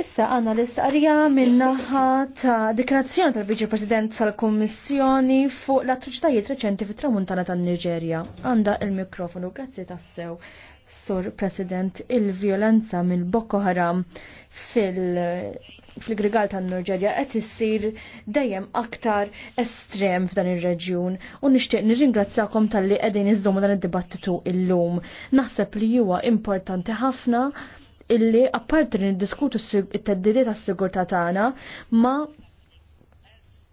Issa għanna l-istqarja minnaħa ta' dikrazzjoni tal-Viċi President tal-Kommissjoni fuq l-attriċtajiet reċenti fit tramuntana tan-Niġerja. Għanda il-mikrofonu, grazzi tassew, Sur President, il-violenza mill Boko Haram fil-grigal tan-Niġerja qed issir dejjem aktar estrem f'dan ir-reġjun u nixtieq nirringrazzjakom tal-li qegħdin iżdommu dan id-dibattitu illum. Naħseb li huwa importanti ħafna illi apparti li diskutu it-teddidi tas sigurtà tagħna ma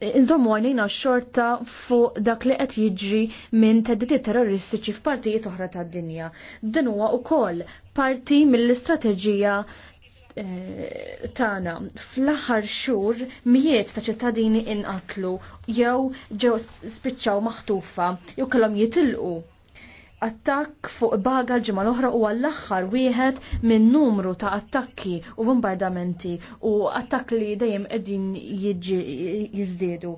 inżommu għajnejna xorta fuq dak li qed jiġri minn teddidi terroristiċi f'partijiet oħra tad-dinja. Din huwa wkoll parti mill-istrateġija eh, tana fl-aħħar xhur mijiet ta' ċittadini inqatlu jew ġew spiċċaw maħtufa jew kellhom jitilqu attakk fuq baga l-ġimgħa l-oħra u għall-aħħar wieħed minn numru ta' attakki u bombardamenti u attakk li dejjem qegħdin jiżdiedu.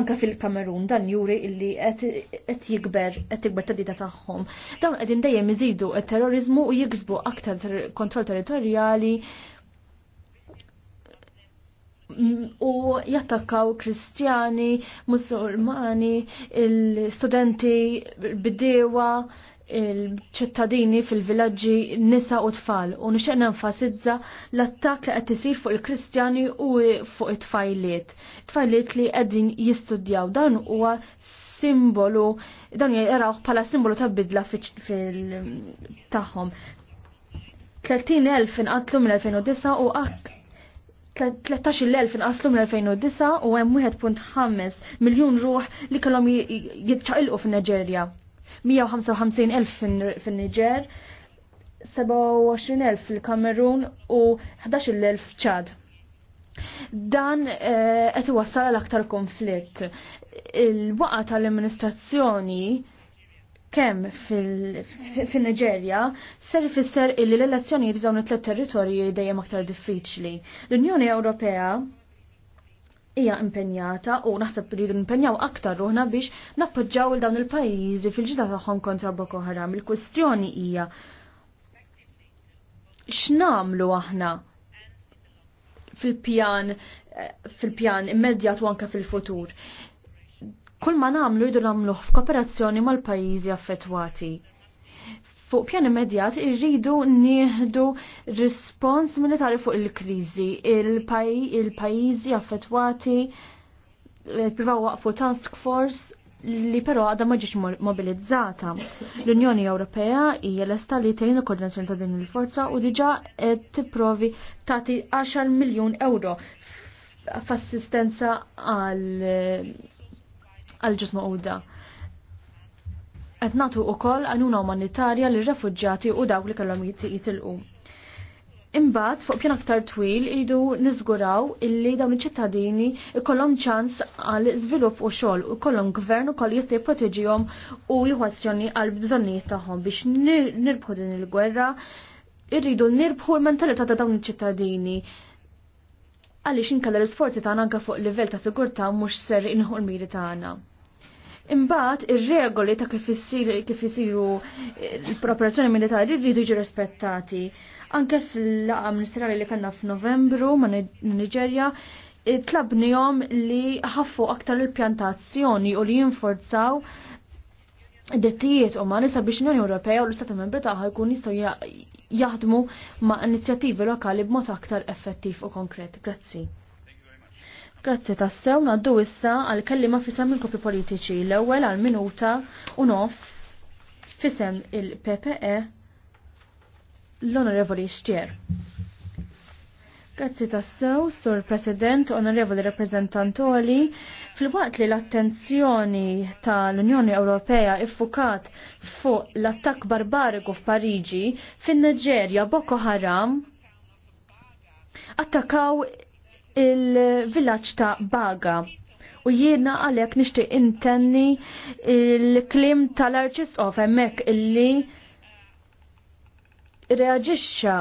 Anka fil-Kamerun dan juri illi qed jikber qed tikber tadita tagħhom. Dawn qegħdin dejjem iżidu t terrorizmu u jiksbu aktar kontroll territorjali u jattakkaw kristjani, musulmani, il-studenti bidewa, il-ċittadini fil-villaġġi nisa u tfal u nixtieq nenfasizza l-attakk li qed isir fuq il-Kristjani u fuq it-tfajliet. Tfajliet li qegħdin jistudjaw dan huwa simbolu dan jaraw bħala simbolu ta' bidla fil tagħhom. 30,000 inqatlu mill-2009 u 13.000 inqaslu mill-2009 u hemm 1.5 miljun ruħ li kellhom jitċaqilqu fin-Niġerja. 155.000 fin-Niġer, 27.000 fil-Kamerun u 11.000 f'Ċad. Dan eh, qed iwassal l aktar konflitt. Il-waqa tal-amministrazzjoni kemm fil-Niġerja ser ifisser illi l-elezzjonijiet f'dawn it-tlet territorji dejjem aktar diffiċli. L-Unjoni Ewropea hija impenjata u naħseb li impenjaw aktar ruħna biex nappoġġaw il dawn il-pajjiżi fil-ġida tagħhom kontra Boko Haram. Il-kwestjoni hija x'namlu aħna fil-pjan fil-pjan immedjat u anke fil-futur. Kull ma namlu jdu namluħ f'kooperazzjoni mal-pajjiżi affettwati. Fuq pjan immedjat irridu nieħdu rispons militari fuq il-kriżi, il-pajjiżi affettwati eh, provaw waqfu task force li però għadha ma ġiex mobilizzata. L-Unjoni Ewropea hija lesta li tgħin il-koordinazzjoni ta' din il-forza u diġà qed tipprovi tagħti 10 miljun euro f'assistenza għal għal ġisma uda. Qed nagħtu wkoll għanuna umanitarja li refuġġjati u dawk li kellhom jitilqu. Imbagħad fuq pjan aktar twil iridu niżguraw illi dawn iċ-ċittadini ikollhom ċans għal żvilupp u xogħol u kollhom gvern ukoll jista' jipproteġihom u jħassjoni għal bżonnijiet tagħhom biex nirbħu din il-gwerra irridu nirbħu l-mentalità ta' dawn iċ-ċittadini għaliex inkella l-isforzi tagħna anke fuq livell ta' sigurtà mhux ser inħu l-miri tagħna. Imbagħad ir-regoli ta' kif isiru l-operazzjoni militari rridu jiġu rispettati. Anke fil-laqa ministerjali li kellna f'Novembru ma' Niġerja eh, tlabnihom li ħaffu aktar il-pjantazzjoni u li jinforzaw dettijiet u ma' nisa biex l-Unjoni Ewropea u l-Istati Membri tagħha jkun jistgħu jaħdmu ma' inizjattivi lokali b'mod aktar effettiv u konkret. Grazzi. Grazzi tassew naddu issa għal kellima fisem il-kopi politiċi l-ewwel għal minuta u nofs fisem il-PPE l-Onorevoli Xtier. Grazzi tassew, Sur President, Onorevoli Rappresentantoli, fil-waqt li l-attenzjoni tal-Unjoni Ewropea iffukat fuq l-attakk barbariku f'Pariġi, fin-Niġerja Boko Haram attakaw il-villaġġ ta' Baga u jiena għalek nishti intenni il-klim tal-arċis of emmek illi reagisċa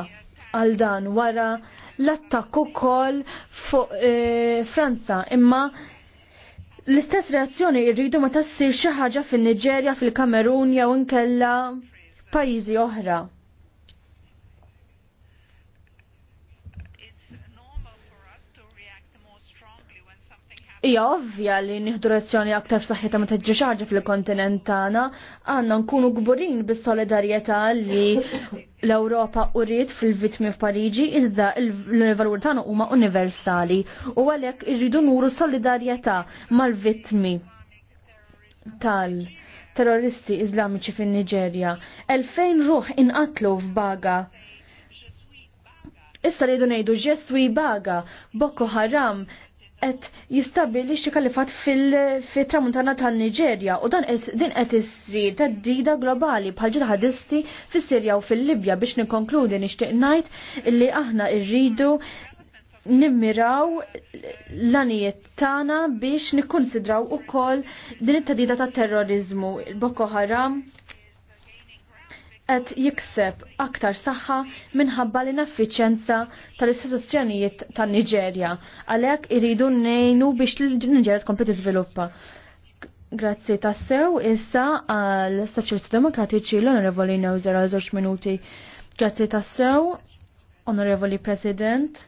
għal dan wara l-attakku kol fuq e, Franza imma l-istess reazzjoni irridu ma tassir xi ħaġa fin-Niġerja, fil-Kamerun jew inkella pajjiżi oħra. hija ovvja li nieħdu reazzjoni aktar f'saħħitha ma ġi ħaġa fil-kontinent tagħna, għandna nkunu gburin bis-solidarjetà li l-Ewropa uriet fil-vitmi f'Pariġi iżda l-valur tagħna huma universali u għalhekk irridu nuru solidarjetà mal-vitmi tal terroristi iżlamiċi fin-Niġerja. Elfejn ruħ inqatlu f'Baga Issa rridu ngħidu ġestwi baga, Boko Haram qed xi kalifat fil-tramuntana tal niġerja u dan din qed issir teddida globali bħal ġihadisti fis-Sirja u fil-Libja biex nikkonkludi nixtieq ngħid li aħna rridu nimmiraw l-anijiet tagħna biex nikkonsidraw ukoll din it tadida tat-terrorizmu, Boko Haram, qed jikseb aktar saħħa minħabba l-ineffiċjenza tal-istituzzjonijiet tan-Niġerja għalhekk iridu ngħinu biex l-Niġerja tkompli tiżviluppa. Grazzi tassew issa għal Soċjalisti Demokratiċi l-Onorevoli Newzer għal żewġ minuti. Grazzi tassew, Onorevoli President,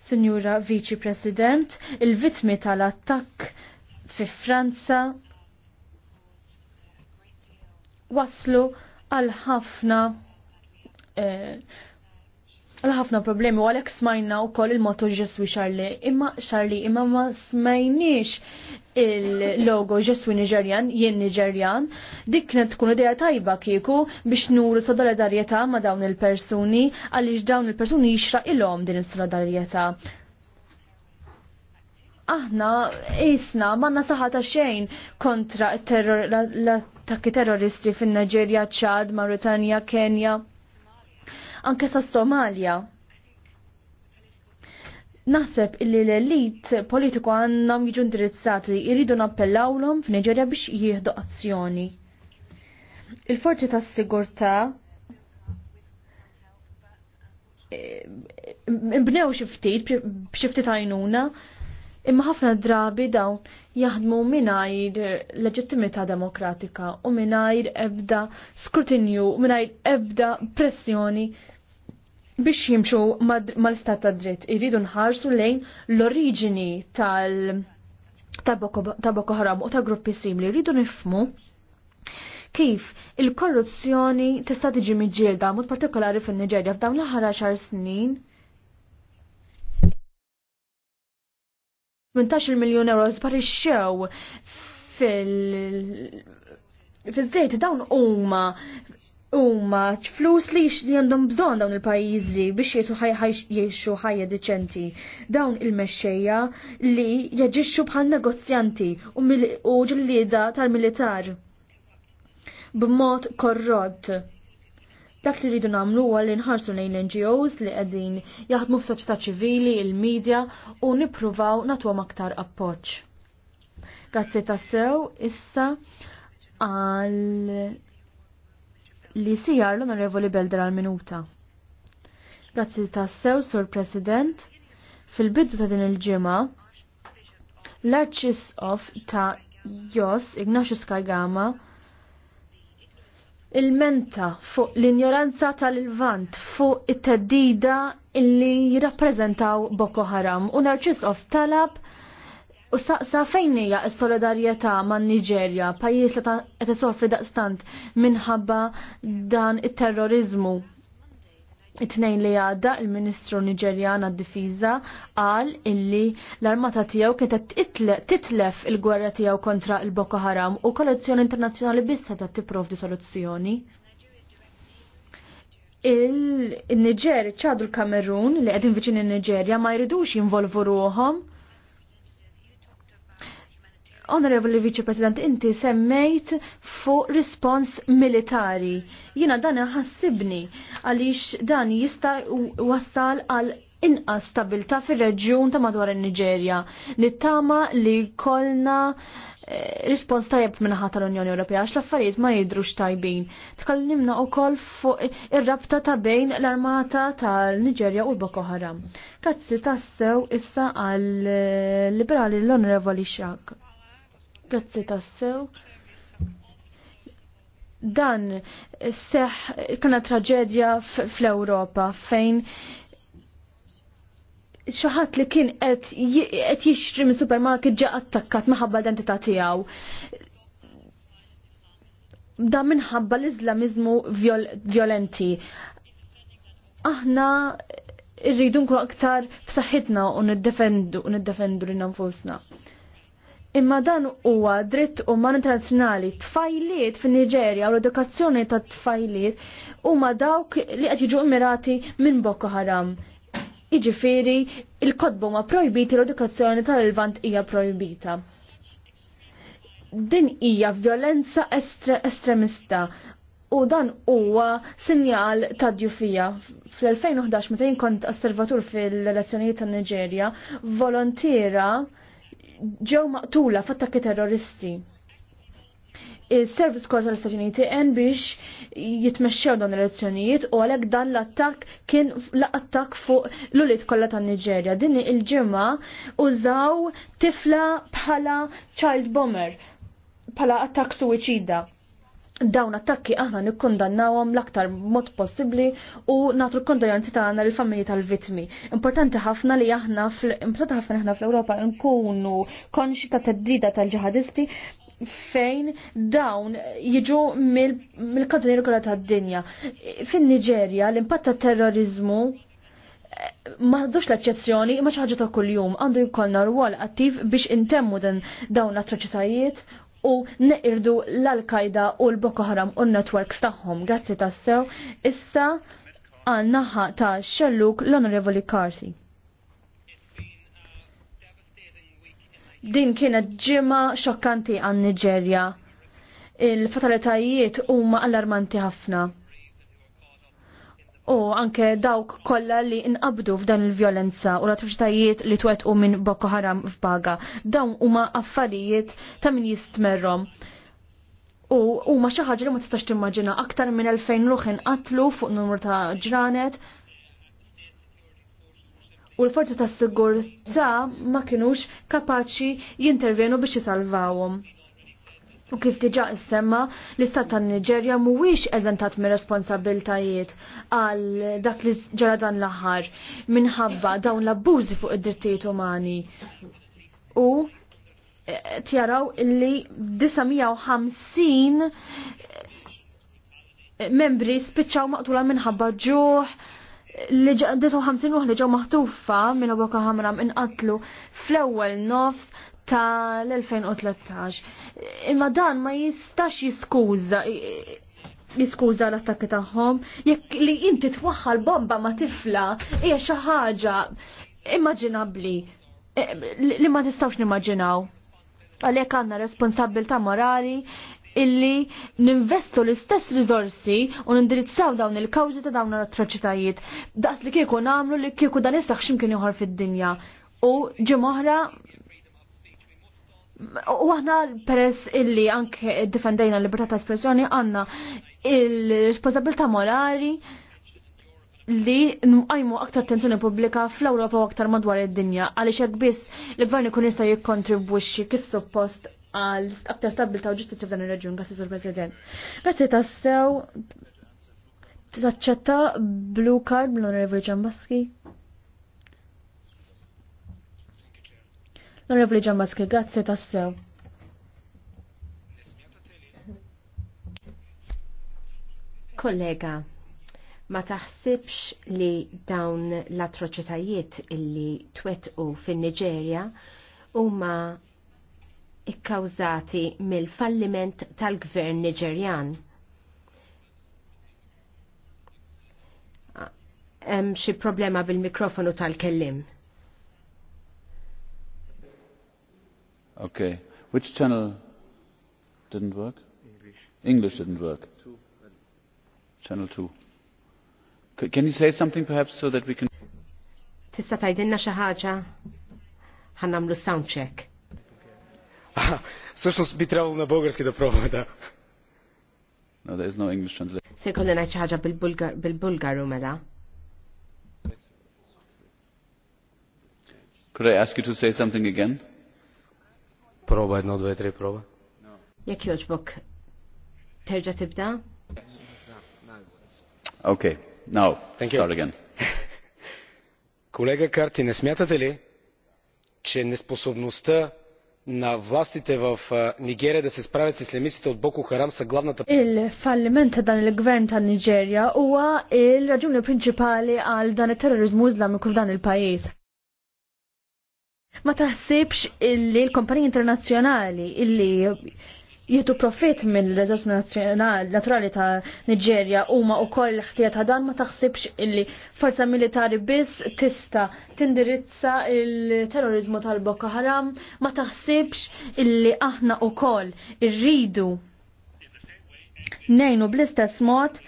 Sinjura Vici President, il-vitmi tal-attakk fi Franza waslu għal ħafna eh, għal ħafna problemi u għalek smajna u koll il-moto ġeswi xarli imma xarli imma ma smajniex il-logo ġeswi Nigerjan jien Nigerjan dik kienet tkun ideja tajba kieku biex nuru solidarieta ma dawn il-persuni għaliex dawn il-persuni il ilhom din is-solidarjetà aħna isna manna saħata xejn kontra l-attakki terroristi fin niġerja ċad, Mauritania, Kenja, anke sa' Somalia. Naħseb illi l-elit politiku għandhom jiġu indirizzati jridu nappellawhom f'Niġerja biex jieħdu azzjoni. Il-forzi tas-sigurtà eh, mbnew xi ftit b'xi ftit għajnuna Imma ħafna drabi dawn jaħdmu minajr leġittimità demokratika u minajr ebda skrutinju, minajr ebda pressjoni biex jimxu mal-istat ta' dritt. Iridu nħarsu lejn l-oriġini tal- ta' Boko Haram u ta' gruppi simili. Rridu nifmu kif il-korruzzjoni tista' tiġi miġġielda, mod partikolari fin-Niġerja f'dawn l-aħħar xar snin 18 miljon euro sparixxew fil fiż-żejt dawn huma huma flus li għandhom bżonn dawn il-pajjiżi biex jgħixu jgħixu ħajja deċenti. Dawn il-mexxejja li jaġixxu bħal negozjanti u ġillieda tal-militar b'mod korrott Dak li rridu namlu huwa li nħarsu lejn l-NGOs li qegħdin jaħdmu f'soċjetà ċivili, il-medja u nippruvaw nagħtuhom aktar appoġġ. Grazzi tassew issa għal li sijar l-Onorevoli Belder għal minuta. Grazzi tassew, Sur President, fil-bidu ta' din il-ġimgħa l-Arċisqof ta' Jos Ignatius Kajgama il-menta fuq l-ignoranza tal-Lvant fuq it-teddida illi jirrappreżentaw Boko Haram u of talab u saqsa fejn hija s-solidarjetà man Niġerja, pajjiż li qed isofri daqstant minħabba dan it-terrorizmu It-tnejn li għadda il-Ministru Niġerjan għad-Difiża qal illi l-armata tiegħu kienet titlef il-gwerra tiegħu kontra il-Boko Haram u kollezzjoni internazzjonali biss ta' tipprovdi soluzzjoni. il niger ċadu l-Kamerun li għedin viċin in-Niġerja ma jridux jinvolvu ruhom Onorevoli Viċi President, inti semmejt fuq respons militari. Jina dan ħassibni għaliex dan jista' wassal għal inqas stabilta fir-reġjun ta' madwar in-Niġerja. Nittama li kolna eh, rispons tajjeb minnaħat tal-Unjoni Ewropea għax l-affarijiet ma jidrux tajbin. Tkallimna wkoll fuq ir-rabta ta' bejn l-armata tal-Niġerja u l-Boko Haram. Grazzi tassew issa għal eh, liberali l-Onorevoli Xhak. Grazzi tassew. Dan seħ kena traġedja fl-Europa fejn xaħat li kien qed jixtri minn supermarket ġa attakkat maħabba l-identità tiegħu. Da minħabba l-Iżlamizmu violenti. Aħna rridu nkunu aktar f'saħħitna u niddefendu u niddefendu lil nfusna. Imma dan huwa dritt uman internazzjonali. Tfajliet fin niġerja u l-edukazzjoni ta' tfajliet huma dawk li qed jiġu immirati minn Boko Haram. Iġifieri il kotba huma projbiti l-edukazzjoni tal-Lvant hija projbita. Din hija violenza estre estremista u dan huwa sinjal ta' djufija. Fl-2011 meta jien kont osservatur fil-elezzjonijiet tan Niġerja, volontira ġew maqtula f'attakki terroristi il-Service Corps tal istati Uniti għen biex jitmexxew dan l-elezzjonijiet u għalhekk dan l-attakk kien l-attakk fuq l-ulit kollha tan-Niġerja. Din il-ġimgħa użaw tifla bħala child bomber bħala attakk suwiċida dawn attakki aħna nikkondannawhom l-aktar mod possibbli u nagħtu kondoljanzi tagħna lill familji tal-vittmi. Importanti ħafna li aħna importanti ħafna aħna fl-Ewropa nkunu konxi ta' teddida tal-ġihadisti fejn dawn jiġu mill-kadunir kollha tad-dinja. Fin-Niġerja l-impatt tat-terrorizmu eh, ma dux l-eċċezzjoni ma ċaħġa ta' kull-jum għandu jkollna rwol attiv biex intemmu dan dawn l-atroċitajiet u neqirdu l-Al-Qaida u l-Boko Haram u n-networks tagħhom. Grazzi tassew. Issa għannaħa ta' xelluk l-Onorevoli Carthy. Din kienet ġimma xokkanti għan Niġerja. Il-fatalitajiet huma allarmanti ħafna u anke dawk kollha li inqabdu f'dan il-vjolenza u ratifxtajiet li twettqu minn Boko Haram f'Baga. Dawn huma affarijiet ta' min jistmerrom. U huma xi ħaġa li ma tistax timmaġina aktar minn 2000 ruħ inqatlu fuq numru ta' ġranet. U l-forzi tas-sigurtà ma kinux kapaċi jintervenu biex jisalvawhom. U kif diġa issemma, l-istat ta' Niġerja mhuwiex eżentat me responsabiltajiet għal dak li ġara dan l-aħħar minħabba dawn l-abbużi fuq id-drittijiet umani. U e, tjaraw li 950 e, membri spiċċaw maqtula minħabba ġuħ li ġew 50 uħli ġew maħtufa minn Boko Hamram inqatlu fl-ewwel nofs tal-2013. Imma dan ma jistax jiskuża jiskuża l-attakki tagħhom jekk li inti twaħħal bomba ma tifla hija xi ħaġa immaġinabbli eh, li ma tistgħux nimmaġinaw. Għalhekk għandna responsabbilta morali illi ninvestu l-istess rizorsi u nindirizzaw dawn il kawżi ta' dawn l-atroċitajiet. Daqs li kieku namlu li kieku dan jistax ximkien joħor fid-dinja. U ġimoħra U aħna peress illi anke d-defendejna l-libertà ta' espressjoni għanna il-responsabilità morali li nqajmu aktar tensjoni pubblika fl-Ewropa u aktar madwar id-dinja għaliex hekk biss l-gvern ikun jista' jikkontribwixxi kif suppost għal aktar stabilta u ġustizzja f'dan ir-reġjun grazzi sur President. Grazzi tassew taċċetta blue card bl onorevoli Ġambaski. Onorevoli Ġammaski, grazzi tassew. Kollega, ma taħsibx li dawn l-atroċitajiet illi twetqu fin-Niġerja huma ikkawzati mill-falliment tal-gvern Niġerjan. Hemm xi problema bil-mikrofonu tal-kellim. Okay. Which channel didn't work? English. English didn't work. Two. Channel 2. C can you say something perhaps so that we can... Tista tajdinna xaħġa? Għannamlu sound check. Sħuċnus bi trebalo na bulgarski da prova da. No, there is no English translation. Se kollin għaj ħaġa bil-Bulgaru mela. Could I ask you to say something again? Proba jedno, dve, tri, proba. Jek joġbok, terġa tibda? Ok, now, Thank start you. again. Колега Карти, не смятате ли, че неспособността на властите в Нигерия да се справят с ислямистите от Боко Харам са главната... Il-falliment dan il-gvern ta' Nigeria huwa il-raġuni prinċipali għal dan il-terrorizmu islamiku f'dan il-pajjiż. Ma taħsibx illi l-kompanija internazzjonali illi jitu profit mill nazjonali naturali ta' Nigeria u ma' u koll l-ħtija ta' dan ma' taħsibx illi forza militari biss tista' tindirizza il-terrorizmu tal-Boko Haram ma' taħsibx illi aħna u koll irridu nejnu bl-istess mod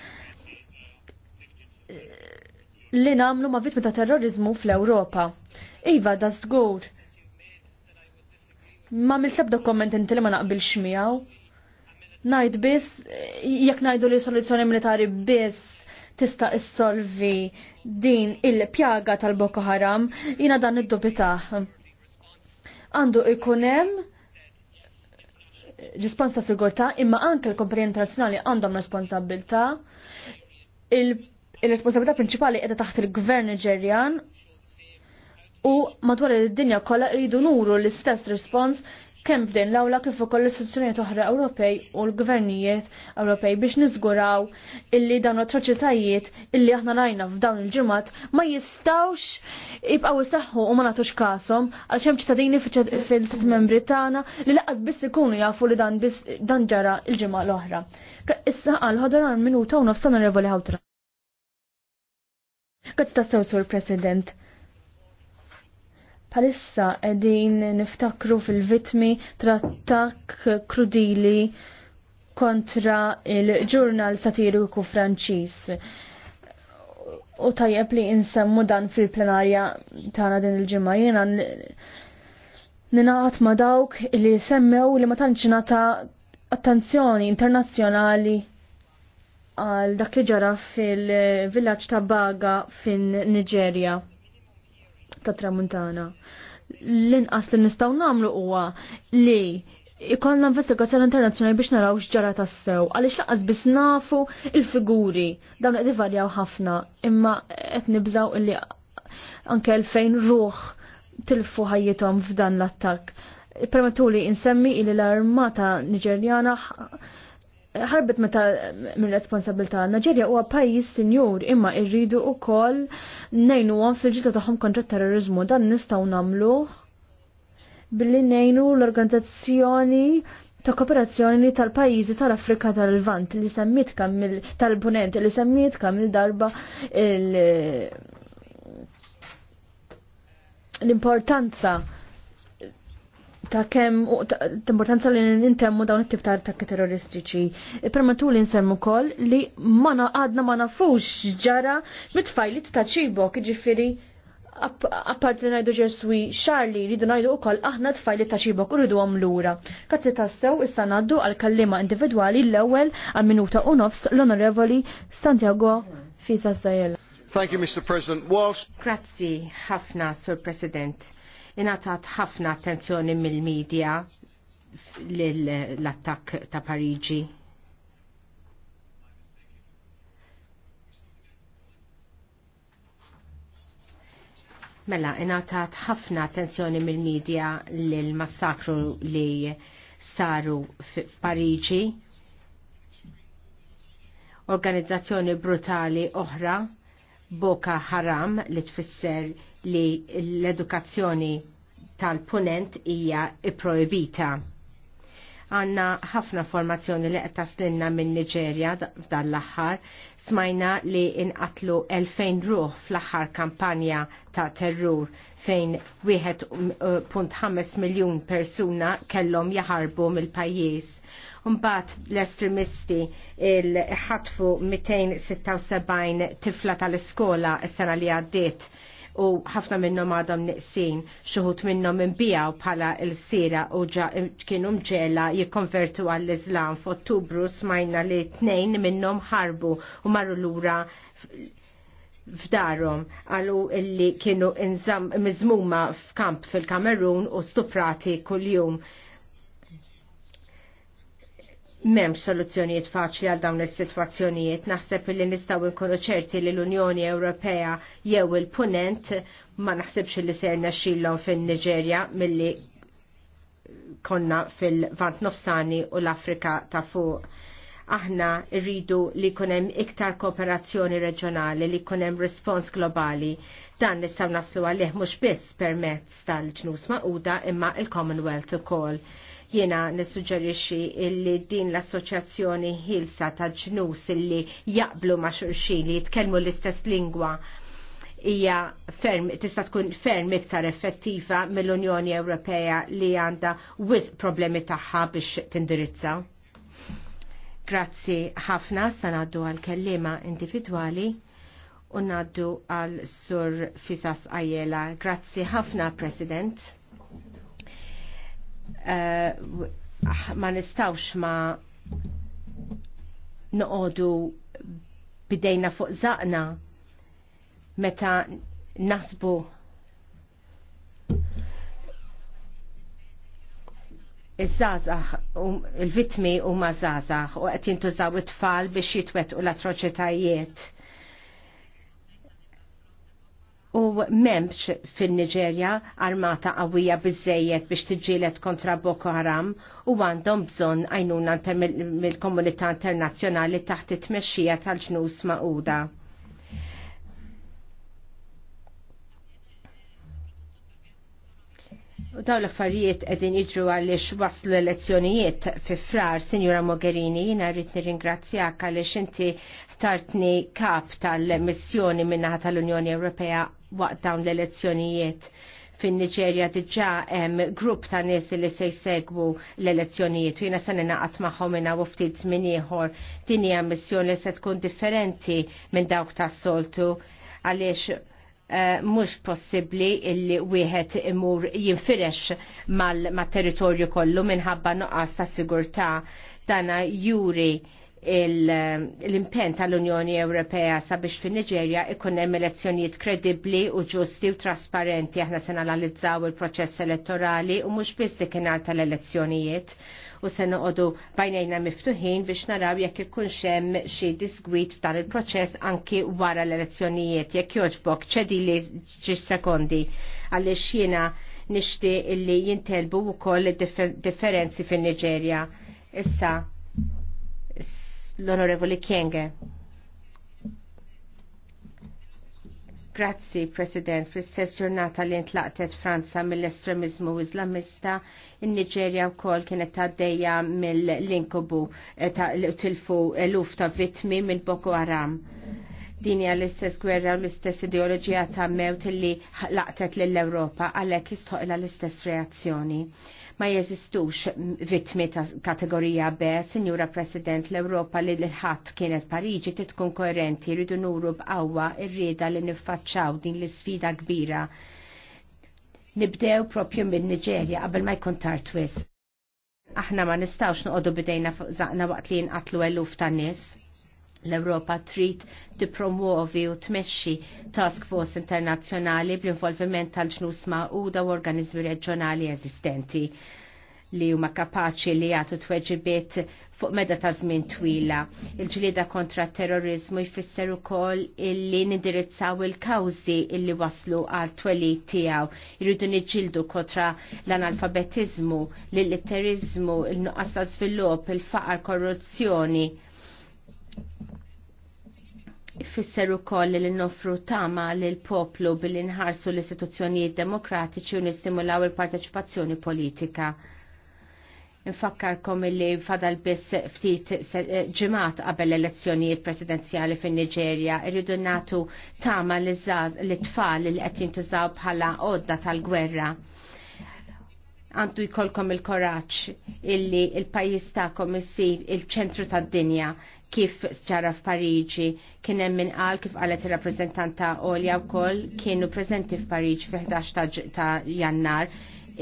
li namlu ma' vittmi ta' terrorizmu fl-Europa. Iva, da' zgur ma mill-tleb dokument inti li ma naqbilx miegħu. Najd biss, jekk najdu li soluzzjoni militari biss tista' issolvi din il-pjaga tal-Boko Haram, jina dan id-dubitaħ. Għandu ikunem rispons ta' sigurta, imma anke l-kompanija internazzjonali għandhom responsabilta. Il-responsabilità il, il responsabilità prinċipali qiegħda taħt il-gvern Nigerian u madwar id-dinja kollha jridu nuru l-istess respons kemm f'din l-awla kif ukoll l-istituzzjonijiet oħra Ewropej u l-gvernijiet Ewropej biex niżguraw illi dawn l-atroċitajiet illi aħna rajna f'dawn il-ġimgħat ma jistawx jibqgħu jsaħħu u ma nagħtux kasom għal xemm ċittadini fil-tit membri tagħna li laqgħet biss ikunu jafu li dan biss dan ġara l-ġimgħa l-oħra. Issa għal ħodor minuta u nofs tan-revoli ħawtra. Kazz tassew sur President. Palissa edin niftakru fil-vitmi trattak attakk krudili kontra il-ġurnal satiriku Franċiż. U tajjeb li insemmu dan fil-plenarja tagħna din il-ġimgħa jiena ninaqat ma dawk li semmew li ma tantx ta' attenzjoni internazzjonali għal dak li ġara fil-villaġġ ta' Baga fin Niġerja ta' tramuntana. L-inqas li nistgħu nagħmlu huwa li ikollna investigazzjoni internazzjonali biex naraw x'ġara tas-sew, għaliex laqas biss nafu il-figuri dawn qed ivarjaw ħafna, imma qed nibżaw illi anke l-fejn ruħ tilfu ħajjithom f'dan l-attakk. Permettuli insemmi illi l-armata Niġerjana ħarbet meta minn responsabilità Naġerja huwa pajjiż sinjur imma irridu wkoll ngħinuhom fil-ġita tagħhom kontra terrorizmu dan nistgħu nagħmlu billi ngħinu l-organizzazzjoni ta' kooperazzjoni tal-pajjiżi tal-Afrika tal-Lvant li semmit kam tal-Punent li semmiet kam il-darba l-importanza il ta' kemm importanza li nintemmu dawn it-tip ta' attakki terroristiċi. Permetu li nsemmu kol li mana għadna ma nafux ġara mit ta' ċibok, ġifiri appart li najdu ġeswi xarli rridu najdu u koll aħna tfajli ta' ċibok u rridu l-ura. Kazzi tassew issa naddu għal kallima individuali l-ewel għal minuta u nofs l-onorevoli Santiago Fisa Sajel. Thank you, Mr. President. Whilst... Grazzi, ħafna, Sir President Inatat ħafna attenzjoni mill-medja l-attak ta' Pariġi. Mela, inatat ħafna attenzjoni mill-medja l-massakru li saru f'Pariġi. Organizzazzjoni brutali oħra, Boka Haram li tfisser li l-edukazzjoni tal-punent hija iprojbita. Għanna ħafna formazzjoni li qed taslinna minn Niġerja f'dan l-aħħar smajna li inqatlu 2000 ruħ fl-aħħar kampanja ta' terrur fejn 1.5 um, uh, miljun persuna kellhom jaħarbu mill-pajjiż. Mbagħad l-estremisti il-ħatfu 276 tifla tal-iskola s-sena li għaddiet u ħafna minnhom għadhom neqsin xuħut minnhom imbijaw bħala l-sira u ġa kienu mġela jikkonvertu għall-Islam f'Ottubru smajna li tnejn minnhom ħarbu u marru lura f'darhom għalu illi kienu mizmuma f'kamp fil-Kamerun u stuprati kuljum memx soluzzjonijiet faċli għal dawn is-sitwazzjonijiet. Naħseb li nistgħu nkunu ċerti li l-Unjoni Ewropea jew il-Punent ma naħsibx li ser nexxilhom fin-Niġerja milli konna fil-Vant Nofsani u l-Afrika ta' fuq. Aħna rridu li kunem iktar kooperazzjoni reġjonali, li kunem respons globali. Dan nistgħu naslu għalih mhux biss permezz tal-ġnus Magħquda imma il-Commonwealth ukoll. Jena nissuġġerixxi illi din l-assoċjazzjoni ħilsa ta' ġnus illi jaqblu ma' xurxin li jitkellmu l-istess lingwa hija ferm tista' tkun ferm iktar effettiva mill-Unjoni Ewropea li għandha wisq problemi tagħha biex tindirizza. Grazzi ħafna ngħaddu għal kellima individwali u ngħaddu għal Sur Fisas Ajela. Grazzi ħafna, President. Eh, ma nistawx ma noqodu bidejna fuq zaqna meta nasbu iż-żazax il-vitmi u ma zazax u qed jintużaw it-tfal biex u l-atroċitajiet u memx fil-Niġerja armata qawwija bizzejiet biex tiġġielet kontra Boko Haram u għandhom bżonn għajnuna mill-komunità internazzjonali taħt it-tmexxija tal-ġnus Mauda. Daw l-affarijiet edin iġru għalix waslu elezzjonijiet fi frar, Sinjura Mogherini, jina rrit nirringrazzjak għalix inti ħtartni kap tal-missjoni minnaħat tal-Unjoni Ewropea waqt dawn l-elezzjonijiet fin niġerja diġa hemm grupp ta' nies li se jsegwu l-elezzjonijiet u jiena se ninaqat magħhom minna u ftit żmien ieħor din hija missjoni li se tkun differenti minn dawk tas-soltu għaliex Eh, mhux possibbli illi wieħed imur jinfirex mal-territorju kollu minħabba nuqqas ta' sigurtà dana juri l-impen tal-Unjoni Ewropea sabiex fin niġerja ikun hemm elezzjonijiet kredibbli u ġusti u trasparenti aħna se analizzaw il-proċess elettorali u mhux biss dikinhar tal-elezzjonijiet u se noqogħdu bajnejna miftuħin biex naraw jekk ikun xem xi disgwit f'dan il-proċess anki wara l-elezzjonijiet jekk joġbok ċedili ġi sekondi għaliex jiena nixti illi jintelbu wkoll differenzi fin-Niġerja. Issa l-Onorevoli Kienge. Grazzi, President, fl-istess ġurnata li intlaqtet Franza mill-estremizmu islamista, in-Niġerja wkoll kienet għaddejja mill-inkubu eh, tilfu eluf ta' vittmi minn Boko Haram. Din hija l-istess gwerra u l-istess ideoloġija ta' mewt li laqtet lill-Ewropa għalhekk jistoqla l-istess reazzjoni ma jeżistux vittmi ta' kategorija B, Sinjura President l-Ewropa li l-ħadd kienet Pariġi titkun koerenti rridu nuru b'qawwa rrieda li niffaċċaw din l-isfida kbira. Nibdew propju minn Niġerja qabel ma jkun tard twis. Aħna ma nistawx noqogħdu bidejna fuq zaqna waqt li jinqatlu eluf ta' nies l-Europa trid tippromuovi u tmexxi task force internazzjonali bl-involviment tal-ġnus ma'uda u organizmi reġjonali eżistenti li huma kapaċi li jagħtu tweġibiet fuq meda ta' żmien twila. Il-ġlieda kontra terrorizmu jfisser ukoll illi nindirizzaw il-kawżi illi waslu għal twelli tiegħu. jridu niġġieldu kontra l-analfabetiżmu, l-litterizmu, il-nuqqas ta' żvilupp, il-faqar korruzzjoni u ukoll li l-nofru tama l poplu billi nħarsu l-istituzzjonijiet demokratiċi u nistimulaw il-parteċipazzjoni politika. Infakkarkom li fadal biss ftit eh, ġimat qabel elezzjonijiet presidenzjali fin niġerja irridu natu tama li tfal li qed jintużaw bħala odda tal-gwerra. Għandu jkollkom il-koraċ illi il-pajis ta' issir il-ċentru tad-dinja kif ġara f'Pariġi kien hemm min qal kif qalet ir-rappreżentanta Olja wkoll kienu preżenti f'Pariġi fi 11 ta' Jannar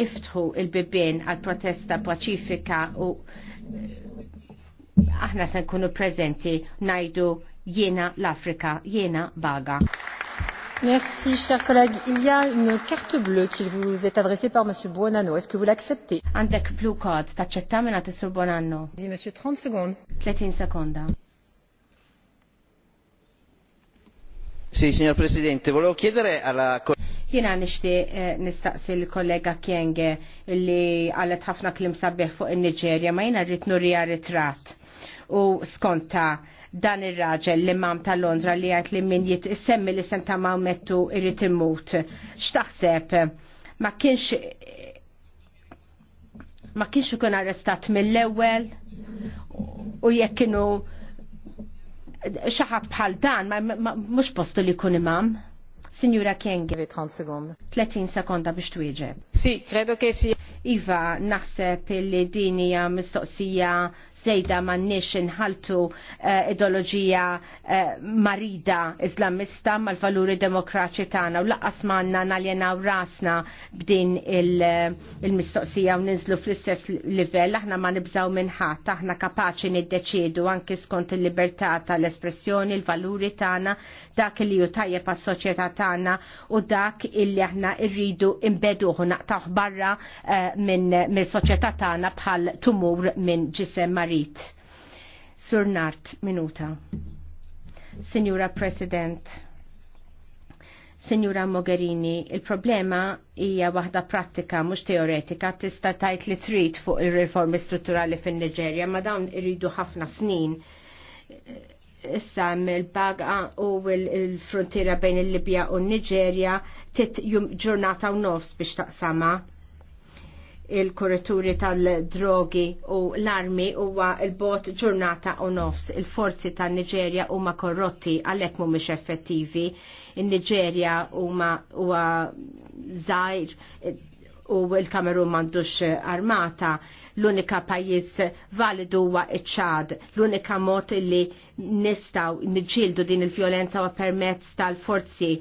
iftħu il-bibien għal protesta paċifika u aħna se nkunu preżenti ngħidu jiena l-Afrika, jiena baga. Merci, cher collègue. Il y a une carte bleue qui vous est adressée par Monsieur Buonanno. Est-ce que vous l'acceptez Andek blue card, taċċetta minna tessur Buonanno. Dis, Monsieur, 30 secondes. 30 seconda. Sì, signor Presidente, volevo chiedere alla Jena nishti eh, nistaqsi l-kollega Kienge li qalet ħafna klim sabiħ fuq il-Nigeria ma jena rrit nurija ritrat u skonta dan ir-raġel li mam ta' Londra li għajt li min semmi li sem ta' Mawmettu irrit immut. Xtaħseb, ma kienx ma kienx ikun arrestat mill-ewel u jekk kienu xaħat bħal dan, ma mux postu li kun imam. Signora Kenge. 30 sekonda. biex twieġeb. Si, credo che si. Iva, naħseb li din hija mistoqsija zejda m'għandniex inħaltu uh, ideoloġija uh, marida islamista mal-valuri demokraċi tagħna u laqas m'għandna naljenaw rasna b'din eh, il-mistoqsija il u ninżlu fl-istess livell aħna ma nibżaw minnħat, aħna kapaċi niddeċiedu anki skont il-libertà tal-espressjoni, il-valuri tagħna, dak li ju tajjeb għas-soċjetà tagħna u dak illi aħna rridu imbeduħu naqtaħ barra uh, minn min soċjetà tagħna bħal tumur minn ġisem marit. Sur Nart, minuta. Signora President, Signora Mogherini, il-problema hija waħda prattika mhux teoretika tista' tajt li trid fuq ir-riformi strutturali fin-Niġerja ma dawn iridu ħafna snin issa il-baga u il-frontiera bejn il-Libja u n-Niġerja tit ġurnata u nofs biex taqsama il-kuraturi tal-drogi u l-armi huwa il-bot ġurnata u nofs. Il-forzi tan niġerja huma korrotti għalhekk mhumiex effettivi. In-Niġerja huma u zaħir u l-Kamerun m'għandux armata, l-unika pajjiż validu huwa iċ-ċad, l-unika mod li nistgħu nġildu din il-vjolenza huwa permezz tal-forzi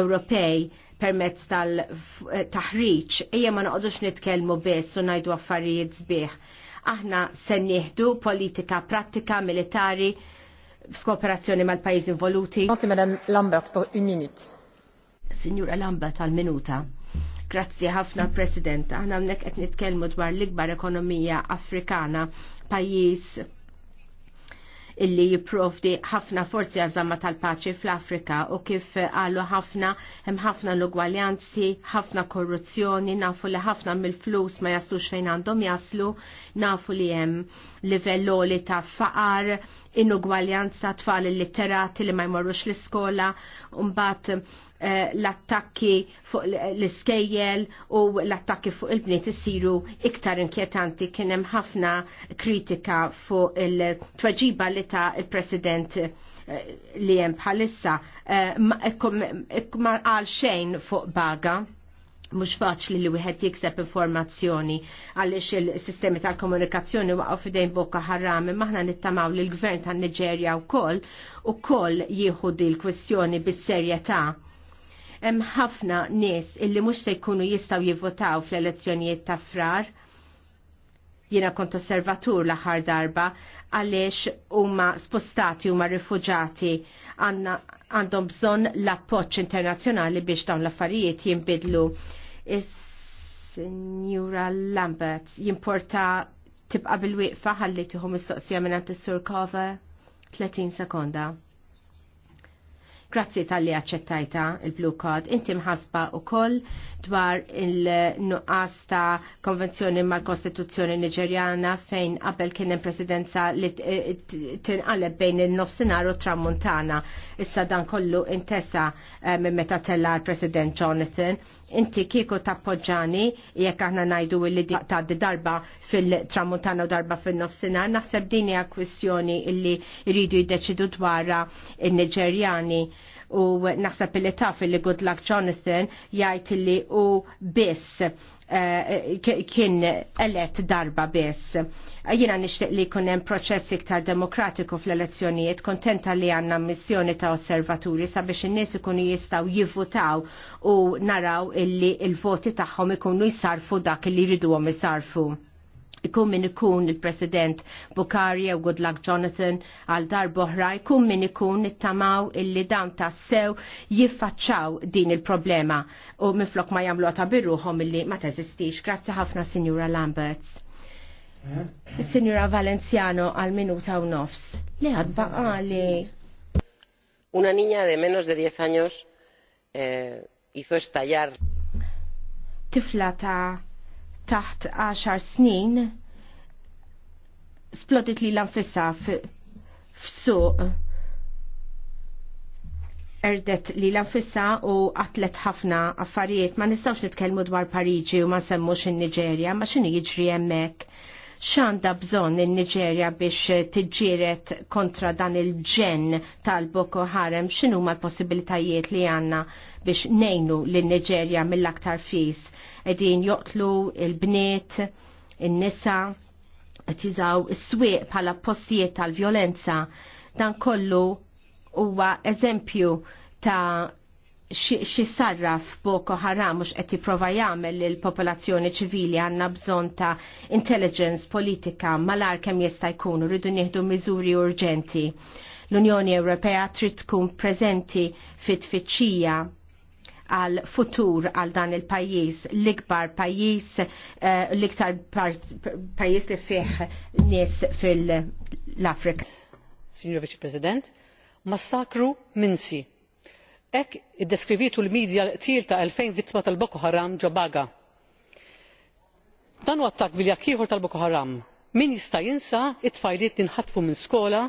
Ewropej permezz tal-taħriċ, ejja ma naqdux nitkelmu biss u najdu affarijiet zbieħ. Aħna se nieħdu politika pratika militari f'kooperazzjoni mal-pajjiż involuti. Noti Madam Lambert po un minut. Signora Lambert għal minuta. Grazzi ħafna President. Aħna mnek qed nitkellmu dwar l-ikbar ekonomija Afrikana, pajjiż illi jipprovdi ħafna forzi għażamma tal-paċi fl-Afrika u kif għallu ħafna hemm ħafna l-ugwaljanzi, ħafna korruzzjoni, nafu li ħafna mill-flus ma jaslu xejn għandhom jaslu, nafu li hemm livelloli ta' faqar, inugwaljanza tfal illitterati li ma jmorrux l-iskola, mbagħad Eh, l-attakki fuq l-iskejjel u l-attakki fuq il-bniet isiru iktar inkjetanti kien hemm ħafna kritika fuq il-tweġiba li ta' il-President eh, li jem bħalissa eh, ma qal xejn fuq baga mux faċli li wieħed jikseb informazzjoni għaliex il-sistemi tal-komunikazzjoni waqgħu fidejn Boko Haram maħna nittamaw li l-gvern tan-Niġerja wkoll ukoll jieħu di l-kwestjoni bis-serjetà Hemm ħafna nies illi mhux se jkunu jistgħu jivvotaw fl-elezzjonijiet ta' frar. Jiena kont osservatur l-aħħar darba għaliex huma spostati huma rifuġati għandhom bżonn l-appoġġ internazzjonali biex dawn l-affarijiet jinbidlu. Is-Sinjura Lambert jimporta tibqa bil-wieqfa ħalli tieħu mistoqsija minn sur cover 30 sekonda. Grazzi tal-li għacċettajta il-Blue Code. Inti mħasba u koll dwar il-nuqqas ta' konvenzjoni mal-Kostituzzjoni Niġerjana fejn qabel kienem presidenza li eh, tinqaleb bejn il-nofsinar u tramuntana. Issa dan kollu intessa eh, minn meta l president Jonathan. Inti kieku tappoġġani jekk aħna najdu li ta' darba fil-tramuntana u darba fil-nofsinar. Naħseb din hija kwistjoni illi jridu jiddeċidu dwarra in-Niġerjani u naħseb li taf li Good Luck Jonathan jajt li u biss eh, kien elett darba biss. Jiena nixtieq li jkun hemm proċess iktar demokratiku fl-elezzjonijiet, kontenta li għandna missjoni ta' osservaturi sabiex in-nies ikunu jistgħu jivvutaw u naraw illi il-voti tagħhom ikunu jsarfu dak li jriduhom isarfu ikun min ikun il-President Bukari u Good Luck Jonathan għal dar boħra, ikun min ikun it-tamaw illi dan ta' sew jiffaċċaw din il-problema u minflok ma jamlu ta' birruħom illi ma teżistix. Grazzi ħafna, Signora Lamberts. Eh? Signora Valenciano għal minuta u nofs. Le għadba għali. Ah, Una niña de menos de 10 años eh, hizo estallar. Tifla ta' taħt 10 snin splodit li l-anfissa f'suq erdet li l-anfissa u atlet ħafna affarijiet ma nistawx nitkellmu dwar Pariġi u ma semmux in-Niġerja ma x'inhi jiġri hemmhekk xanda bżon il-Nigeria biex tiġġieret kontra dan il-ġen tal-Boko Haram, xinu ma l-possibilitajiet li għanna biex nejnu l-Nigeria mill-aktar fis. Edin joqtlu il-bniet, il-nisa, tiżaw is-swieq bħala postijiet tal-violenza. Dan kollu huwa eżempju ta' xi sarraf Boko Haram mhux qed jipprova jagħmel lil popolazzjoni ċivili għandna bżonn ta' intelligence politika malar kemm jista' jkun uridu nieħdu miżuri urġenti. L-Unjoni Ewropea trid tkun preżenti fit-tfittxija għal futur għal dan il-pajis, l-ikbar pajis, eh, l-iktar pajis li fih nies fil-Afrika. Signor Vice President, massakru minsi hekk iddeskrivitu l midja l-qtil ta' elfejn vittma tal boko haram ġo baga. dan huwa attak bil ieħor tal boko haram. min jista' jinsa t tfajliet li minn skola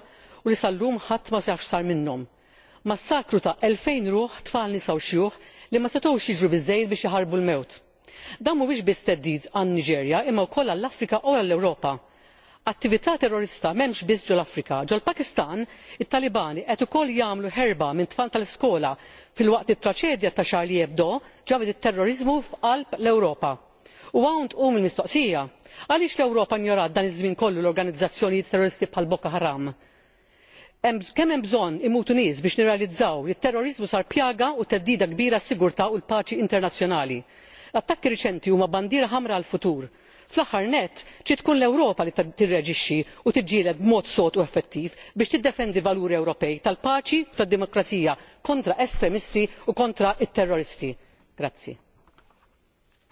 u li sal-lum ħadd ma jaf sar minnhom. massakru ta' elfejn ruħ tfal nisa u xjuħ li ma setgħux jiġru biżżejjed biex jaħarbu l-mewt. dan mhuwiex biss theddid għan-niġerja imma wkoll għall afrika u għall ewropa attività terrorista m'hemmx biss ġol afrika ġol pakistan it talibani qed ukoll jagħmlu ħerba minn tfal tal iskola filwaqt it traċedja ta' charlie hebdo ġabet it terroriżmu f'qalb l-ewropa. u hawn tqum il mistoqsija għaliex l-ewropa njorat dan iż-żmien kollu l-organizzazzjonijiet terroristi bħal boko haram? kemm hemm bżonn imutu nies biex nirrealizzaw li t terrorizmu sar pjaga u theddida kbira s sigurtà u l paċi internazzjonali. l attakki riċenti huma bandiera ħamra għall futur fl-aħħar nett trid tkun l-ewropa li tirreġixxi u tiġġieled b'mod sod u effettiv biex tiddefendi valuri ewropej tal-paċi u tad-demokrazija kontra estremisti u kontra t terroristi.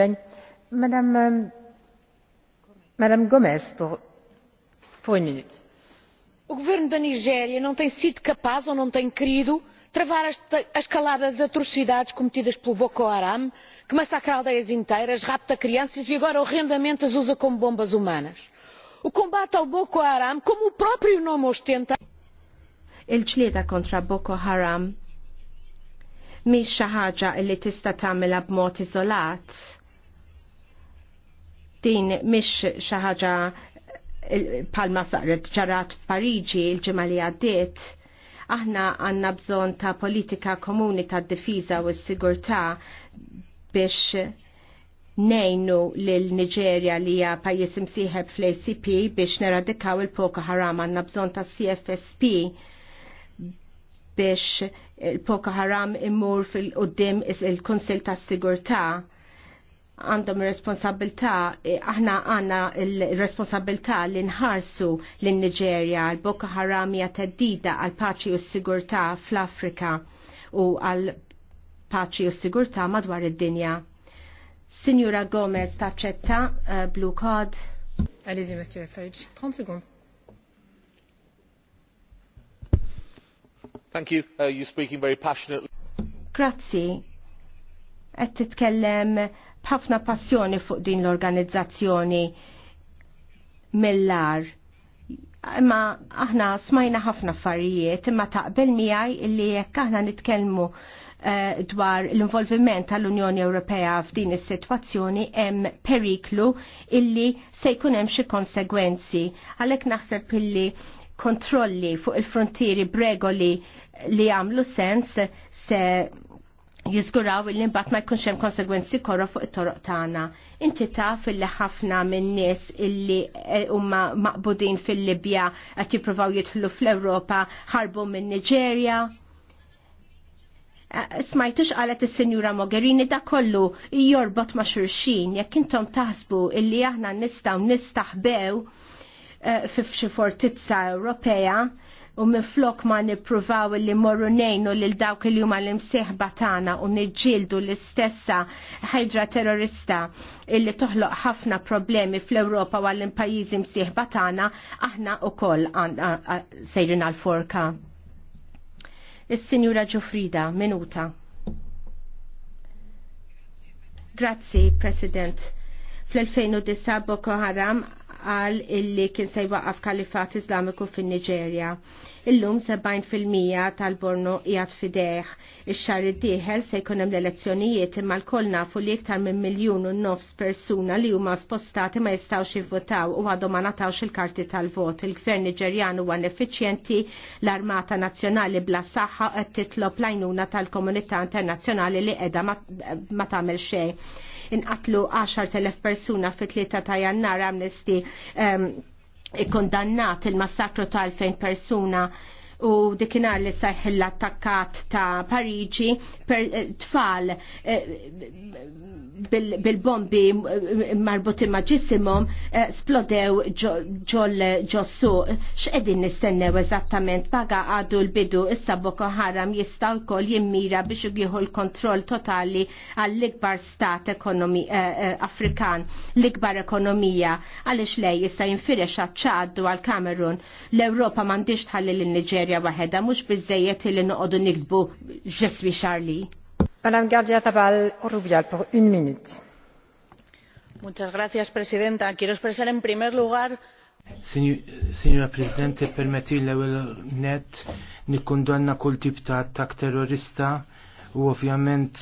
Um, o governo da nigéria não tem sido capaz ou não tem querido travar a escalada de atrocidades cometidas pelo boko haram que massacra aldeias inteiras, rapta crianças e agora horrendamente as usa como bombas humanas. O combate ao Boko Haram, como o próprio nome ostenta. Il-ġlieda kontra Boko Haram mhix xi ħaġa li tista' tagħmilha b'mod iżolat. Din mhix xi ħaġa palma saqret ġarat f'Pariġi l-ġimgħa li għaddiet aħna għanna bżon ta' politika komuni ta' difiża u s-sigurtà biex nejnu l-Nigeria li hija pajjiż imsieħeb fl-ACP biex neradikaw il poko Haram għandna bżonn ta' CFSP biex il poko Haram immur fil-qoddim il-Konsil ta' Sigurtà għandhom responsabilità, eh, aħna għanna il-responsabilta li nħarsu l-Nigeria, l-Boko Haram hija teddida għal paċi u s sigurtà fl-Afrika u għal paċi u sigurtà madwar id-dinja. Signora Gomez taċċetta uh, Blue Card. Allez-y, Monsieur 30 secondes. Thank you. Uh, you're speaking very passionately. Grazzi. Qed titkellem b'ħafna passjoni fuq din l-organizzazzjoni mill-ar. Imma aħna smajna ħafna affarijiet, imma taqbel miħaj illi jekk aħna nitkellmu Eh, dwar l-involviment tal-Unjoni Ewropea f'din is-sitwazzjoni hemm periklu illi se jkun hemm xi konsegwenzi. Għalhekk naħseb illi kontrolli fuq il-frontieri bregoli li għamlu sens se jizguraw il mbagħad ma jkunx hemm konsegwenzi korra fuq it-toroq tagħna. Inti taf illi ħafna min-nies illi eh, huma maqbudin fil-Libja qed jippruvaw jidħlu fl-Ewropa ħarbu minn Niġerja Eh, smajtux għalet il senjura Mogherini da kollu jorbot ma' xurxin, jekk intom taħsbu illi aħna nistaw nistaħbew eh, fi xi fortizza Ewropea u minn flok ma nipruvaw li morru nejnu lil dawk li huma l-imsieħba tagħna u niġġieldu l-istessa ħajdra terrorista illi toħloq ħafna problemi fl-Ewropa u għall-pajjiżi msieħba tagħna aħna wkoll sejrin għal-forka. Is-Sinjura Ġofrida, minuta. Grazzi, President. Fl-2009 Boko Haram qal illi kien se jwaqaf kalifat Islamiku fin niġerja Illum 70% tal-Borno qiegħed fideħ. Ix-xahar id-dieħel se jkun hemm l-elezzjonijiet imma l-koll nafu li iktar minn miljun u nofs persuna li huma spostati ma jistgħux jivvotaw u għadhom ma natawx il-karti tal-vot. Il-Gvern Niġerjan huwa neffiċjenti l-Armata Nazzjonali bla saħħa qed titlob l-għajnuna tal-komunità internazzjonali li qiegħda ma tagħmel xejn inqatlu 10.000 persuna fi 3 ta' jannar amnesti um, kondannat il-massakru ta' 2000 persuna u dikina li sajħ l-attakkat ta' Pariġi per eh, tfal eh, bil-bombi marbuti maġissimum eh, splodew ġol ġossu. X'qegħdin nistennew eżattament paga għadu l-bidu issa Boko ħaram jista' wkoll jimmira biex jieħu l-kontroll totali għall-ikbar stat ekonomi Afrikan, l-ikbar ekonomija għaliex lej jista' jinfirex għat ċaddu għal Kamerun. L-Ewropa m'għandix tħalli l-Niġerja serja waħedha mhux biżejjed li noqogħdu nikbu ġeswi xarli. Madam Gardia Tabal Rubial por un minut. Muchas gracias, Presidenta. Quiero expresar en primer lugar Signora Presidente, permetti l-ewel net nikkundonna kull tip ta' attak terrorista u ovvjament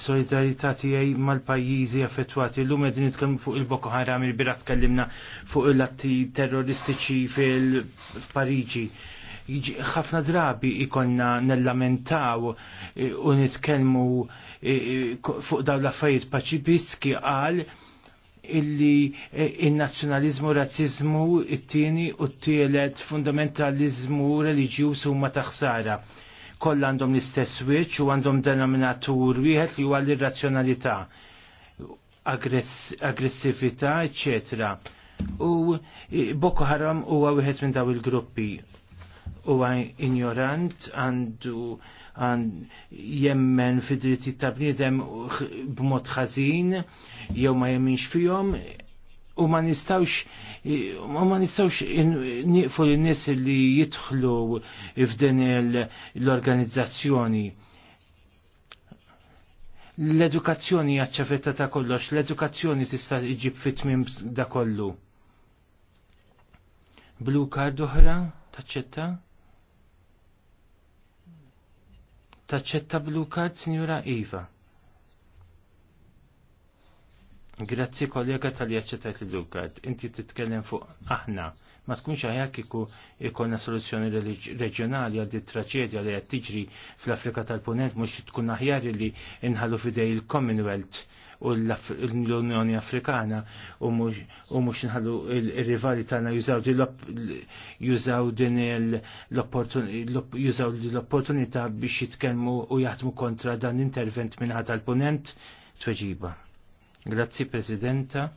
solidarità tiegħi mal-pajjiżi affettwati. Llum qegħdin nitkellmu fuq il-Boko Haram il-birat tkellimna fuq il-atti terroristiċi fil-Pariġi ħafna drabi ikonna nellamentaw e, u nitkellmu e, e, fuq dawn l-affarijiet paċibiski qal illi il-nazjonalizmu, razzizmu, it-tieni u t-tielet fundamentalizmu reliġjuż huma taħsara. Koll għandhom l-istess wieċ u għandhom denominatur wieħed li huwa l-irrazzjonalità, aggressività, eccetera u Boko Haram huwa wieħed minn daw il-gruppi u ignorant għandu għan jemmen fi ta' bniedem b'mod ħażin jew ma jemminx fihom u ma nistawx u ma nistawx nieqfu l-nies li jidħlu f'din l-organizzazzjoni. L-edukazzjoni jaċċafetta ta' kollox, l-edukazzjoni tista' iġib fitmim da kollu. Blue card oħra taċċetta? Taċċetta blu kard, Sinjura Iva. Grazzi kollega tal-li aċċettajt il-blu Inti titkellem fuq aħna ma tkunx għajak kiku ikonna soluzzjoni reġjonali għad traċedja li għattiġri tiġri fl-Afrika tal-Ponent mux tkun aħjar li inħallu fidej il-Commonwealth u l-Unjoni Afrikana u mux nħallu il-rivali tagħna jużaw din l-opportunità biex jitkellmu u jaħdmu kontra dan intervent minn ħadd tal-punent tweġiba. Grazzi Presidenta.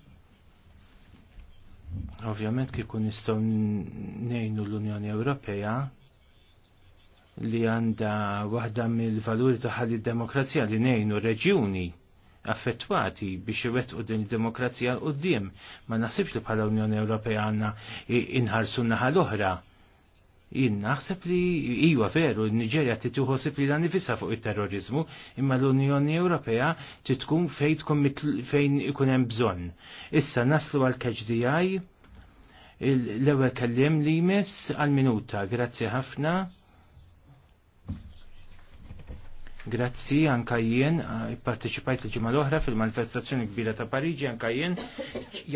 Ovvjament kikun nistgħu ngħinu l-Unjoni Ewropea li għanda waħda mill-valuri taħħa li demokrazija li nejnu reġjuni affettwati biex iwettqu din id-demokrazija qoddim Ma naħsibx li bħala Unjoni Ewropea għandna inħarsu naħa l-oħra. Jien naħseb li iwa veru n-Niġerja tituħosib li dan nifissa fuq it-terrorizmu, imma l-Unjoni Ewropea titkun fejn ikun hemm bżonn. Issa naslu għal KHDI l-ewwel kellim li jmiss għal minuta. Grazzi ħafna. Grazzi anka jien, parteċipajt l-ġimgħa l-oħra fil-manifestazzjoni kbira ta' Pariġi anka jien,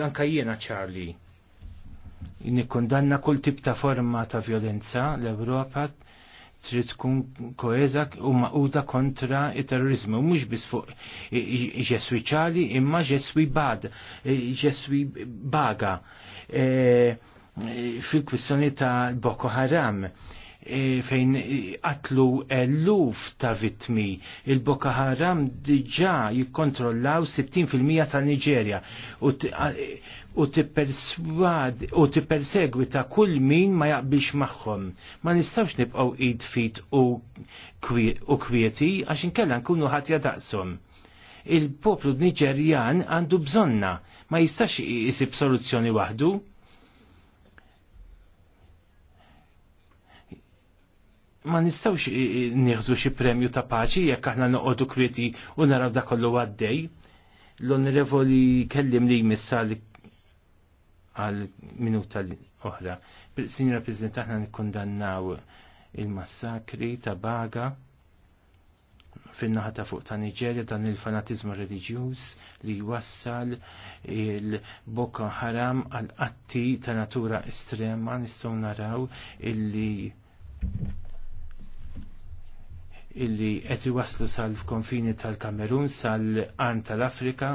anka jiena ċarli. Nikkondanna kull tip ta' forma ta' violenza l-Ewropa trid tkun koeza u maquda kontra il-terrorizmu, mhux biss fuq ġeswi ċali imma ġeswi bad, ġeswi e, baga. E, e, fil-kwistjoni ta' Boko Haram E, fejn qatlu eluf ta' vitmi. Il-Boko Haram diġa jikkontrollaw 60% ta' Nigeria u e, tipperswad u ta kull min ma jaqbilx magħhom. Ma nistawx nibqgħu id fit u kwieti għax inkella nkunu ħatja daqshom il-poplu Niġerjan għandu bżonna, ma jistax jisib soluzzjoni waħdu. ma nistawx nieħdu xi premju ta' paċi jekk aħna noqogħdu kwieti u naraw dak kollu għaddej. L-onorevoli kellim li jmissa għal minuta oħra. Signora President, aħna nikkondannaw il-massakri ta' Baga fin-naħa ta' fuq ta' Niġerja dan il-fanatizmu reliġjuż li jwassal il-Boko Haram għal qatti ta' natura estrema nistgħu naraw illi illi qed iwaslu sal-konfini tal-Kamerun sal arn tal-Afrika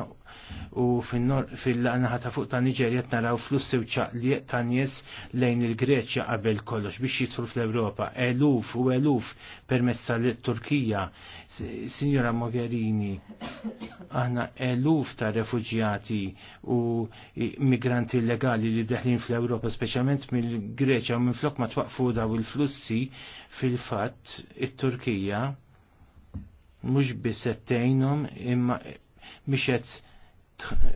u fil-naħa ta' fuq ta' t naraw flussi u ċaqliq ta' nies lejn il-Greċja qabel kollox biex jitru fl-Ewropa. Eluf u eluf permezz tal-Turkija. Signora Mogherini, aħna eluf ta' refugjati u migranti illegali li deħlin fl-Ewropa, speċjalment mill-Greċja u minn flok ma twaqfu daw il-flussi fil-fatt it-Turkija mhux biss settejnhom imma biex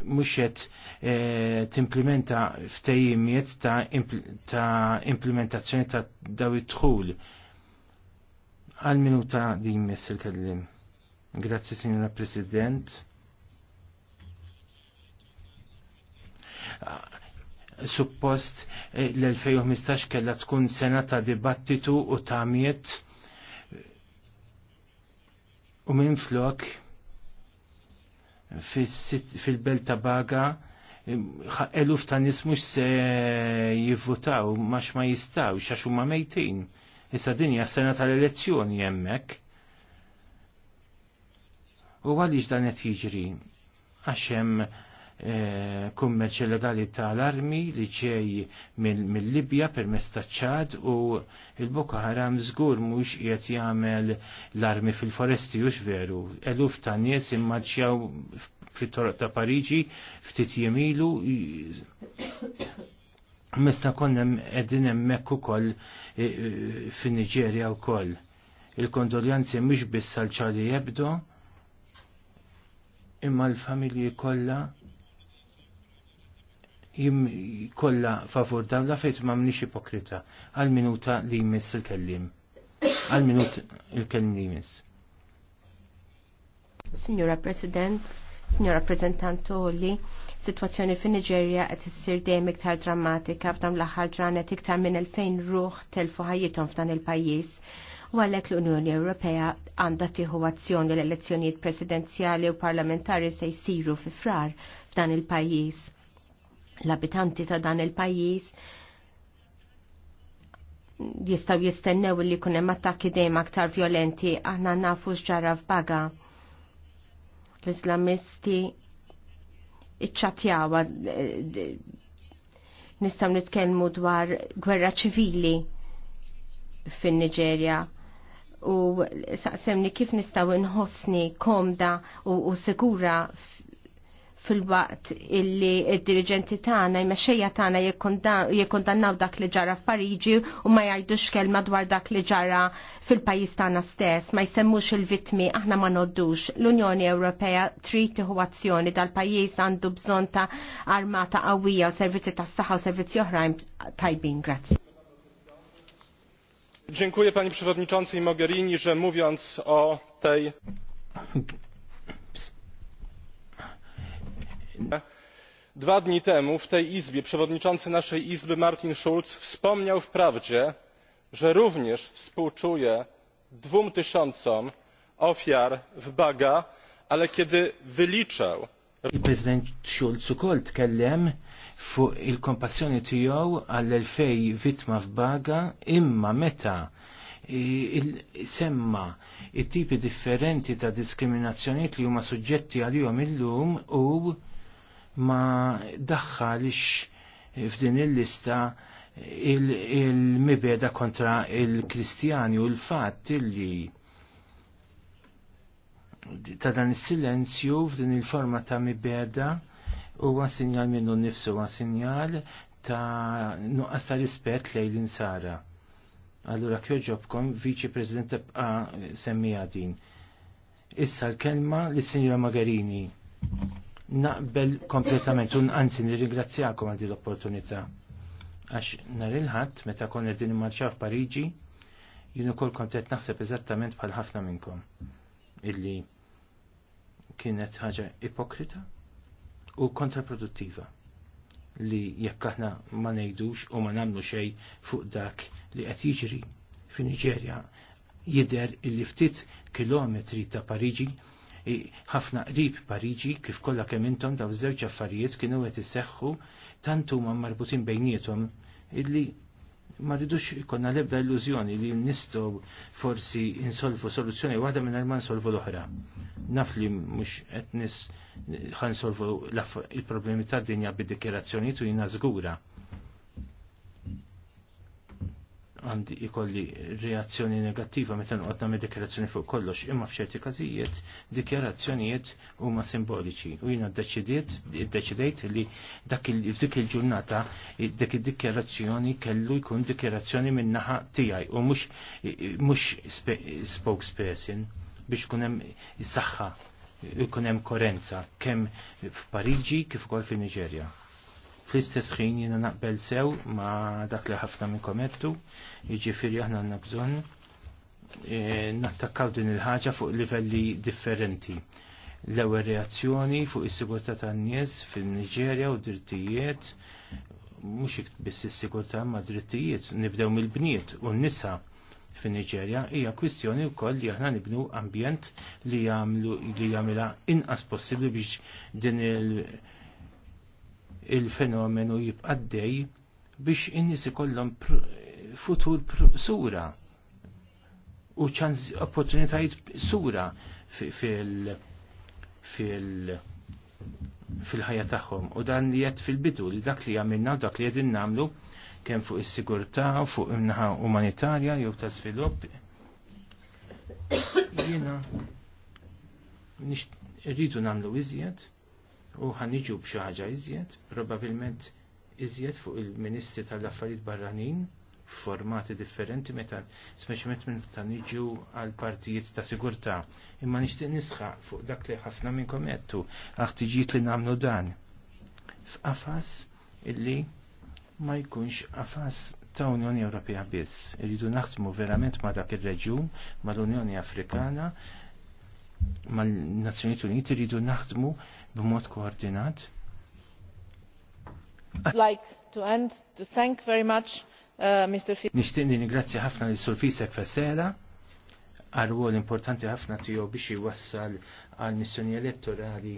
muxet t eh, timplementa ftejimiet ta', ta implementazzjoni ta' daw it-tħul. Għal minuta din mess il-kellim. Grazzi, signora President. Suppost eh, l-2015 kella tkun sena ta' dibattitu u ta' miet. u minn flok fil-belt ta' baga eluf ta' nis mux se jivvotaw, max ma jistaw, xaxu huma mejtin. Issa dinja sena tal-elezzjoni jemmek. U għalix dan qed jiġri? Għax hemm Eh, kummerċ illegali tal-armi li ġej mill-Libja permezz taċ-Ċad u il-Boko Haram żgur mhux qiegħed jagħmel l-armi fil-foresti u veru. Eluf ta' nies immarċjaw fit-toroq ta' Pariġi ftit jemilu mesta konna qegħdin hemmhekk ukoll eh, eh, fin-Niġerja wkoll. Il-kondoljanzi mux biss ċali jebdo imma l-familji kollha jim kolla favur dawn la fejt ma mnix ipokrita għal minuta li jmiss il-kellim għal minuta il-kellim li jmiss Signora President, Signora Prezentantu li situazzjoni fin nigeria qed issir dejjem iktar drammatika f'dan l-aħħar ġranet iktar minn 2000 ruħ telfu ħajjithom f'dan il-pajjiż. U għalhekk l-Unjoni Ewropea għandha tieħu azzjoni l-elezzjonijiet presidenzjali u parlamentari se jsiru fi frar f'dan il-pajjiż l-abitanti ta' dan il-pajjiż jistaw jistennew li kunem attakki dejjem aktar violenti, aħna nafu x'ġara f'baga. L-Islamisti iċċatjawa nistgħu nitkellmu dwar gwerra ċivili fin-Niġerja u saqsemni kif nistaw inħossni komda u, u sigura fil-waqt illi id-dirigenti tagħna jmexxejja tagħna jikkondannaw dak li ġara f'Pariġi u ma jgħidux kelma dwar dak li ġara fil-pajjiż tagħna stess, ma jsemmux il-vittmi aħna ma noddux. L-Unjoni Ewropea trid tieħu azzjoni dal-pajjiż għandu bżonn ta' armata qawwija u servizzi tas-saħħa u servizzi oħrajn tajbin. Grazzi. Dziękuję Pani Przewodniczącej Mogherini, że mówiąc o tej dwa dni temu w tej izbie przewodniczący naszej izby martin schulz wspomniał wprawdzie że również współczuje dwóm tysiącom ofiar w baga ale kiedy wyliczał il-President Schulz ukoll tkellem fuq il-kompassjoni tiegħu għall elfej vittma f'Baga imma meta semma it-tipi differenti ta' diskriminazzjonijiet li huma suġġetti għalihom illum u ma daħħalix f'din il-lista il-mibeda il kontra il-Kristjani u l-fatt li ta' dan is-silenzju f'din il-forma ta' mibeda huwa sinjal minnu nnifsu huwa sinjal ta' nuqqas ta' rispett lejn l-insara. Allura ġobkom viċi President tibqa' semmija din. Issa l-kelma lis sinjora Magarini naqbel kompletament un anzi nirringrazzjakom għal din l-opportunità. Għax nhar il-ħadd meta konna din marċa f'Pariġi, jien ukoll kont naħseb eżattament bħal ħafna minnkom illi kienet ħaġa ipokrita u kontraproduttiva li jekk aħna ma ngħidux u ma nagħmlu xejn fuq dak li qed jiġri fi niġerja jidher il-ftit kilometri ta' Pariġi ħafna qrib Pariġi kif kollha kemm intom daw żewġ affarijiet kienu qed isseħħu tant huma marbutin bejniethom illi ma ridux ikonna lebda illużjoni li nistgħu forsi insolvu soluzzjoni waħda minn ma nsolvu l-oħra. Naf li mhux qed nis ħansolvu il-problemi tad-dinja bid-dikjerazzjonijiet u jiena żgura għandi ikolli reazzjoni negattiva meta nqod nagħmel dikjarazzjoni fuq kollox, imma f'ċerti każijiet dikjarazzjonijiet huma simboliċi. U jiena ddeċidiet iddeċidejt li dak dik il-ġurnata dik id-dikjarazzjoni kellu jkun dikjarazzjoni min-naħa tiegħi u mhux mhux spokesperson biex kun hemm is-saħħa kun hemm korenza kemm f'Pariġi kif ukoll fin-Niġerja. Fl-istess ħin jiena naqbel sew ma dak li ħafna minn komertu, jiġifieri aħna għandna bżonn e, nattakkaw din il-ħaġa fuq livelli differenti. L-ewwel reazzjoni fuq is-sigurtà tan-nies fin-Niġerja u drittijiet mhux biss is-sigurtà ma' drittijiet nibdew mill-bniet u n-nisa fin-Niġerja hija kwistjoni wkoll li aħna nibnu ambjent li jagħmlu li jagħmilha inqas possibbli biex din il- il-fenomenu jibqaddej biex in ikollhom futur sura u ċans opportunitajiet sura fil fil fil-ħajja tagħhom u dan li qed fil-bidu li dak li għamilna u dak li qegħdin nagħmlu kemm fuq is-sigurtà fuq in-naħa umanitarja jew ta' żvilupp. Jiena rridu nagħmlu iżjed u ħanniġu b'xi ħaġa iżjed, probabbilment iżjed fuq il-Ministri tal-Affarijiet Barranin formati differenti meta speċjalment minn ta' niġu għal partijiet ta' sigurtà. Imma nixtieq nisħa fuq dak li ħafna minn komettu ħtiġijiet li nagħmlu dan. F'qafas illi ma jkunx qafas ta' Unjoni Ewropea biss. Irridu naħdmu verament ma' dak ir-reġjun, mal-Unjoni Afrikana mal-Nazzjonijiet Uniti rridu naħdmu b'mod koordinat. Like to end to thank very much uh, Mr. Fisek. ni ningrazzja ħafna li Sur Fisek Fesera għal importanti ħafna tiegħu biex iwassal għal missjoni elettorali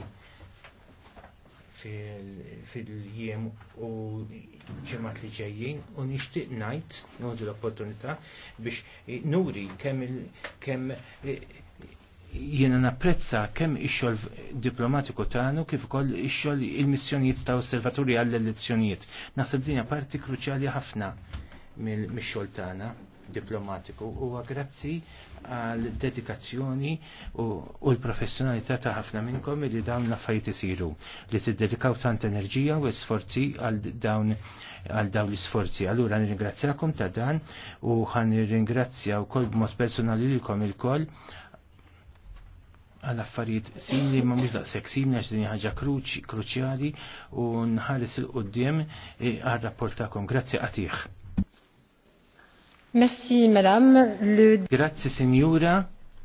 fil-jiem u ġemat li ġejjin u nishtiq najt, nħodu l-opportunità biex nuri kemm jiena napprezza kemm ix-xogħol diplomatiku tagħnu kif ukoll ix-xogħol il-missjonijiet ta' osservaturi għall-elezzjonijiet. Naħseb din parti kruċjali ħafna mix-xogħol tagħna diplomatiku huwa grazzi għal dedikazzjoni u, l-professjonalità ta' ħafna minnkom li dawn l-affarijiet isiru li tiddedikaw tant enerġija u sforzi għal dawn għal dawn l-isforzi. Allura nirringrazzjakom ta' dan u ħan nirringrazzja wkoll b'mod personali lilkom ilkoll għal affarijiet simili ma mhux daqshekk simili għax din ħaġa kruċjali u nħares il qudiem eh, għal rapport tagħkom. Grazzi għatih. Merci, madame. Le... Grazzi, signora.